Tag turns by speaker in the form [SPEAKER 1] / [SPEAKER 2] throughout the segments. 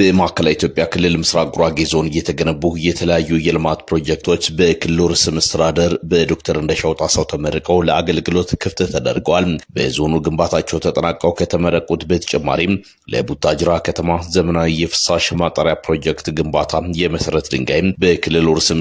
[SPEAKER 1] በማዕከላዊ ኢትዮጵያ ክልል ምስራቅ ጉራጌ ዞን እየተገነቡ የተለያዩ የልማት ፕሮጀክቶች በክልሉ ርዕሰ መስተዳድር በዶክተር እንደሻው ጣሰው ተመርቀው ለአገልግሎት ክፍት ተደርገዋል። በዞኑ ግንባታቸው ተጠናቀው ከተመረቁት በተጨማሪም ለቡታጅራ ከተማ ዘመናዊ የፍሳሽ ማጣሪያ ፕሮጀክት ግንባታ የመሰረት ድንጋይም በክልሉ ርዕሰ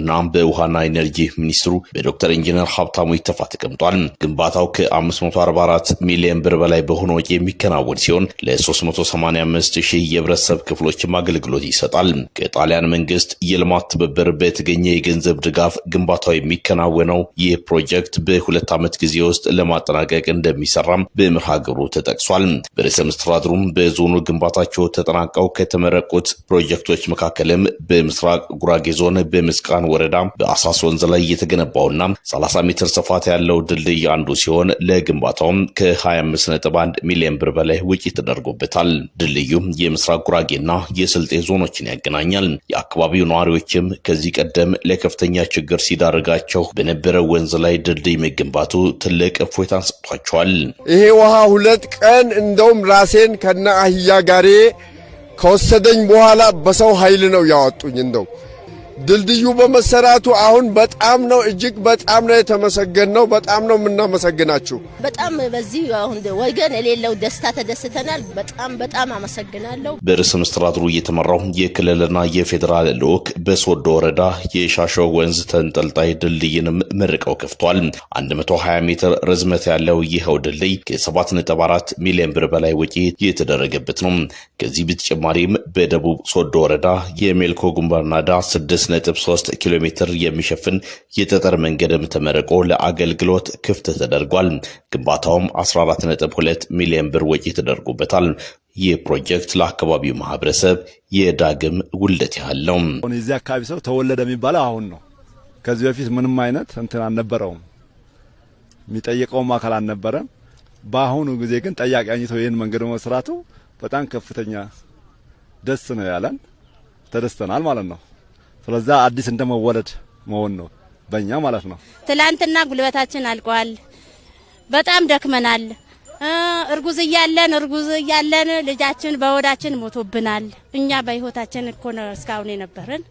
[SPEAKER 1] እና በውሃና ኢነርጂ ሚኒስትሩ በዶክተር ኢንጂነር ሀብታሙ ይተፋ ተቀምጧል። ግንባታው ከ544 ሚሊዮን ብር በላይ በሆነ ወጪ የሚከናወን ሲሆን ለ385 ሺህ የብረት የህብረተሰብ ክፍሎችም አገልግሎት ይሰጣል። ከጣሊያን መንግስት የልማት ትብብር በተገኘ የገንዘብ ድጋፍ ግንባታው የሚከናወነው ይህ ፕሮጀክት በሁለት ዓመት ጊዜ ውስጥ ለማጠናቀቅ እንደሚሰራም በምርሃ ግብሩ ተጠቅሷል። በርዕሰ መስተዳድሩም በዞኑ ግንባታቸው ተጠናቀው ከተመረቁት ፕሮጀክቶች መካከልም በምስራቅ ጉራጌ ዞን በምስቃን ወረዳ በአሳስ ወንዝ ላይ የተገነባውና 30 ሜትር ስፋት ያለው ድልድይ አንዱ ሲሆን ለግንባታውም ከ25.1 ሚሊዮን ብር በላይ ውጪ ተደርጎበታል። ድልድዩ የምስራቅ ጉራ የጉራጌና የስልጤ ዞኖችን ያገናኛል። የአካባቢው ነዋሪዎችም ከዚህ ቀደም ለከፍተኛ ችግር ሲዳርጋቸው በነበረው ወንዝ ላይ ድልድይ መገንባቱ ትልቅ እፎይታን ሰጥቷቸዋል።
[SPEAKER 2] ይሄ ውሃ ሁለት ቀን እንደውም ራሴን ከነ አህያ ጋሬ ከወሰደኝ በኋላ በሰው ኃይል ነው ያወጡኝ እንደው ድልድዩ በመሰራቱ አሁን በጣም ነው እጅግ በጣም ነው የተመሰገን ነው። በጣም ነው የምናመሰግናችሁ።
[SPEAKER 3] በጣም በዚህ አሁን ወገን የሌለው ደስታ ተደስተናል። በጣም በጣም አመሰግናለሁ።
[SPEAKER 1] በርዕሰ መስተዳድሩ እየተመራው የክልልና የፌዴራል ልዑክ በሶዶ ወረዳ የሻሾ ወንዝ ተንጠልጣይ ድልድይንም መርቀው ከፍቷል። 120 ሜትር ርዝመት ያለው ይኸው ድልድይ ከ7.4 ሚሊዮን ብር በላይ ወጪ የተደረገበት ነው። ከዚህ በተጨማሪም በደቡብ ሶዶ ወረዳ የሜልኮ ጉንበርናዳ ስድስት 2.3 ኪሎ ሜትር የሚሸፍን የጠጠር መንገድም ተመርቆ ለአገልግሎት ክፍት ተደርጓል። ግንባታውም 14.2 ሚሊዮን ብር ወጪ ተደርጎበታል። ይህ ፕሮጀክት ለአካባቢው ማህበረሰብ የዳግም ውልደት ያህል ነው።
[SPEAKER 4] የዚህ አካባቢ ሰው ተወለደ የሚባለው አሁን ነው። ከዚህ በፊት ምንም አይነት እንትን አልነበረውም። የሚጠይቀውም አካል አልነበረም። በአሁኑ ጊዜ ግን ጠያቂ አኝተው ይህን መንገድ መስራቱ በጣም ከፍተኛ ደስ ነው ያለን፣ ተደስተናል ማለት ነው። ስለዛ አዲስ እንደመወለድ መሆን ነው በእኛ ማለት ነው።
[SPEAKER 5] ትላንትና ጉልበታችን አልቋል። በጣም ደክመናል። እርጉዝ እያለን እርጉዝ እያለን ልጃችን በወዳችን ሞቶብናል። እኛ በህይወታችን እኮ ነው እስካሁን የነበርን።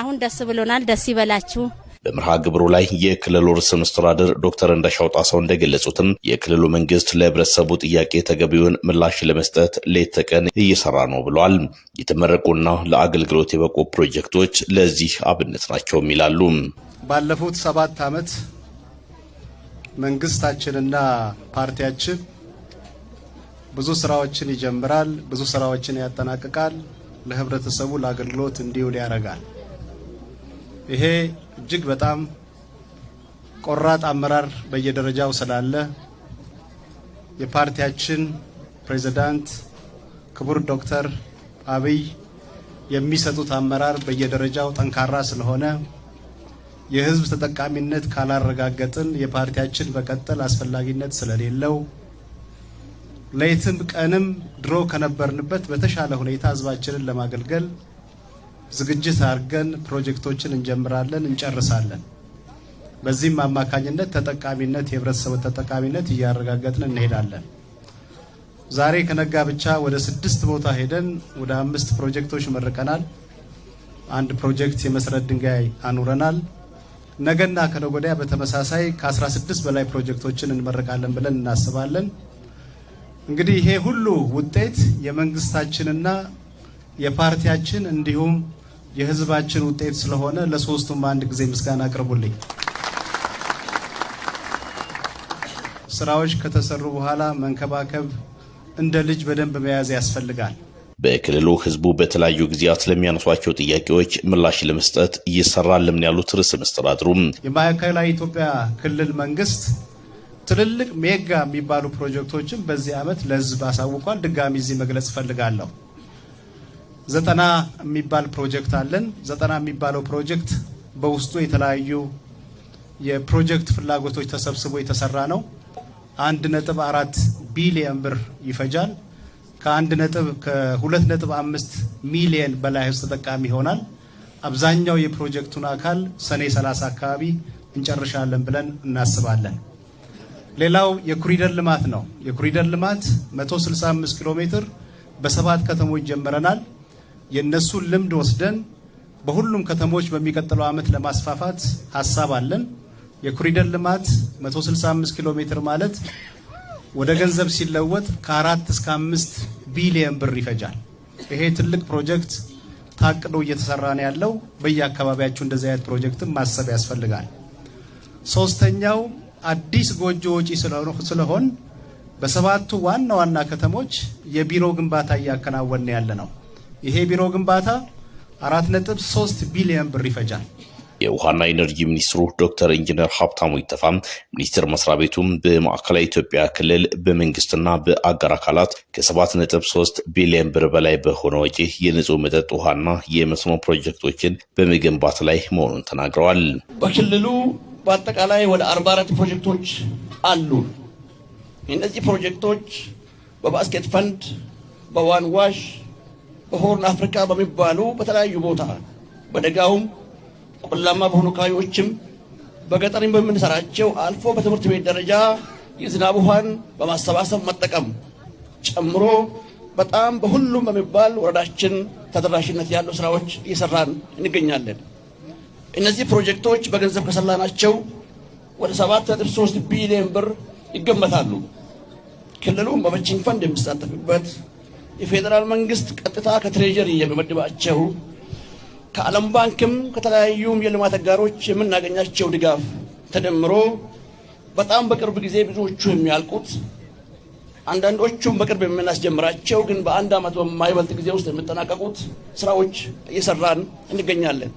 [SPEAKER 5] አሁን ደስ ብሎናል። ደስ ይበላችሁ።
[SPEAKER 1] በመርሃ ግብሩ ላይ የክልሉ ርዕሰ መስተዳድር ዶክተር እንዳሻው ጣሰው እንደገለጹትም የክልሉ መንግስት ለህብረተሰቡ ጥያቄ ተገቢውን ምላሽ ለመስጠት ሌት ተቀን እየሰራ ነው ብለዋል። የተመረቁና ለአገልግሎት የበቁ ፕሮጀክቶች ለዚህ አብነት ናቸውም ይላሉ።
[SPEAKER 6] ባለፉት ሰባት ዓመት መንግስታችንና ፓርቲያችን ብዙ ስራዎችን ይጀምራል፣ ብዙ ስራዎችን ያጠናቅቃል፣ ለህብረተሰቡ ለአገልግሎት እንዲውል ያደርጋል። ይሄ እጅግ በጣም ቆራጥ አመራር በየደረጃው ስላለ የፓርቲያችን ፕሬዝዳንት ክቡር ዶክተር አብይ የሚሰጡት አመራር በየደረጃው ጠንካራ ስለሆነ የህዝብ ተጠቃሚነት ካላረጋገጥን የፓርቲያችን በቀጠል አስፈላጊነት ስለሌለው ሌትም ቀንም ድሮ ከነበርንበት በተሻለ ሁኔታ ህዝባችንን ለማገልገል ዝግጅት አድርገን ፕሮጀክቶችን እንጀምራለን፣ እንጨርሳለን። በዚህም አማካኝነት ተጠቃሚነት የህብረተሰቡ ተጠቃሚነት እያረጋገጥን እንሄዳለን። ዛሬ ከነጋ ብቻ ወደ ስድስት ቦታ ሄደን ወደ አምስት ፕሮጀክቶች መርቀናል። አንድ ፕሮጀክት የመሰረት ድንጋይ አኑረናል። ነገና ከነጎዳያ በተመሳሳይ ከ16 በላይ ፕሮጀክቶችን እንመርቃለን ብለን እናስባለን። እንግዲህ ይሄ ሁሉ ውጤት የመንግስታችንና የፓርቲያችን እንዲሁም የህዝባችን ውጤት ስለሆነ ለሶስቱም አንድ ጊዜ ምስጋና አቅርቡልኝ። ስራዎች ከተሰሩ በኋላ መንከባከብ እንደ ልጅ በደንብ መያዝ ያስፈልጋል።
[SPEAKER 1] በክልሉ ህዝቡ በተለያዩ ጊዜያት ለሚያነሷቸው ጥያቄዎች ምላሽ ለመስጠት እየሰራ ለምን ያሉት ርዕሰ መስተዳድሩም
[SPEAKER 6] የማዕከላዊ ኢትዮጵያ ክልል መንግስት ትልልቅ ሜጋ የሚባሉ ፕሮጀክቶችን በዚህ ዓመት ለህዝብ አሳውቋል። ድጋሚ እዚህ መግለጽ እፈልጋለሁ። ዘጠና የሚባል ፕሮጀክት አለን። ዘጠና የሚባለው ፕሮጀክት በውስጡ የተለያዩ የፕሮጀክት ፍላጎቶች ተሰብስቦ የተሰራ ነው። አንድ ነጥብ አራት ቢሊየን ብር ይፈጃል። ከአንድ ነጥብ ከሁለት ነጥብ አምስት ሚሊየን በላይ ህዝብ ተጠቃሚ ይሆናል። አብዛኛው የፕሮጀክቱን አካል ሰኔ 30 አካባቢ እንጨርሻለን ብለን እናስባለን። ሌላው የኩሪደር ልማት ነው። የኩሪደር ልማት 165 ኪሎ ሜትር በሰባት ከተሞች ጀምረናል። የእነሱን ልምድ ወስደን በሁሉም ከተሞች በሚቀጥለው ዓመት ለማስፋፋት ሀሳብ አለን። የኮሪደር ልማት 165 ኪሎ ሜትር ማለት ወደ ገንዘብ ሲለወጥ ከአራት እስከ አምስት ቢሊየን ብር ይፈጃል። ይሄ ትልቅ ፕሮጀክት ታቅዶ እየተሰራ ነው ያለው። በየአካባቢያችሁ እንደዚህ አይነት ፕሮጀክትን ማሰብ ያስፈልጋል። ሶስተኛው አዲስ ጎጆ ወጪ ስለሆን በሰባቱ ዋና ዋና ከተሞች የቢሮ ግንባታ እያከናወነ ያለ ነው። ይሄ ቢሮ ግንባታ 4.3 ቢሊዮን ብር ይፈጃል።
[SPEAKER 1] የውሃና ኢነርጂ ሚኒስትሩ ዶክተር ኢንጂነር ሀብታሙ ይተፋ ሚኒስቴር መስሪያ ቤቱም በማዕከላዊ ኢትዮጵያ ክልል በመንግስትና በአጋር አካላት ከሰባት ነጥብ ሶስት ቢሊዮን ብር በላይ በሆነ ወጪ የንጹህ መጠጥ ውሃና የመስኖ ፕሮጀክቶችን በመገንባት ላይ መሆኑን ተናግረዋል።
[SPEAKER 7] በክልሉ በአጠቃላይ ወደ አርባ አራት ፕሮጀክቶች አሉ። እነዚህ ፕሮጀክቶች በባስኬት ፈንድ፣ በዋንዋሽ በሆርን አፍሪካ በሚባሉ በተለያዩ ቦታ በደጋውም ቆላማ በሆኑ አካባቢዎችም በገጠሪም በምንሰራቸው አልፎ በትምህርት ቤት ደረጃ የዝናብ ውሃን በማሰባሰብ መጠቀም ጨምሮ በጣም በሁሉም በሚባል ወረዳችን ተደራሽነት ያሉ ስራዎች እየሰራን እንገኛለን። እነዚህ ፕሮጀክቶች በገንዘብ ከሰላናቸው ወደ 7.3 ቢሊዮን ብር ይገመታሉ። ክልሉም በመቺንግ ፈንድ የሚሳተፍበት የፌዴራል መንግስት ቀጥታ ከትሬጀሪ የሚመድባቸው ከዓለም ባንክም ከተለያዩም የልማት አጋሮች የምናገኛቸው ድጋፍ ተደምሮ በጣም በቅርብ ጊዜ ብዙዎቹ የሚያልቁት አንዳንዶቹም በቅርብ የምናስጀምራቸው ግን በአንድ ዓመት በማይበልጥ ጊዜ ውስጥ የሚጠናቀቁት ስራዎች እየሰራን እንገኛለን።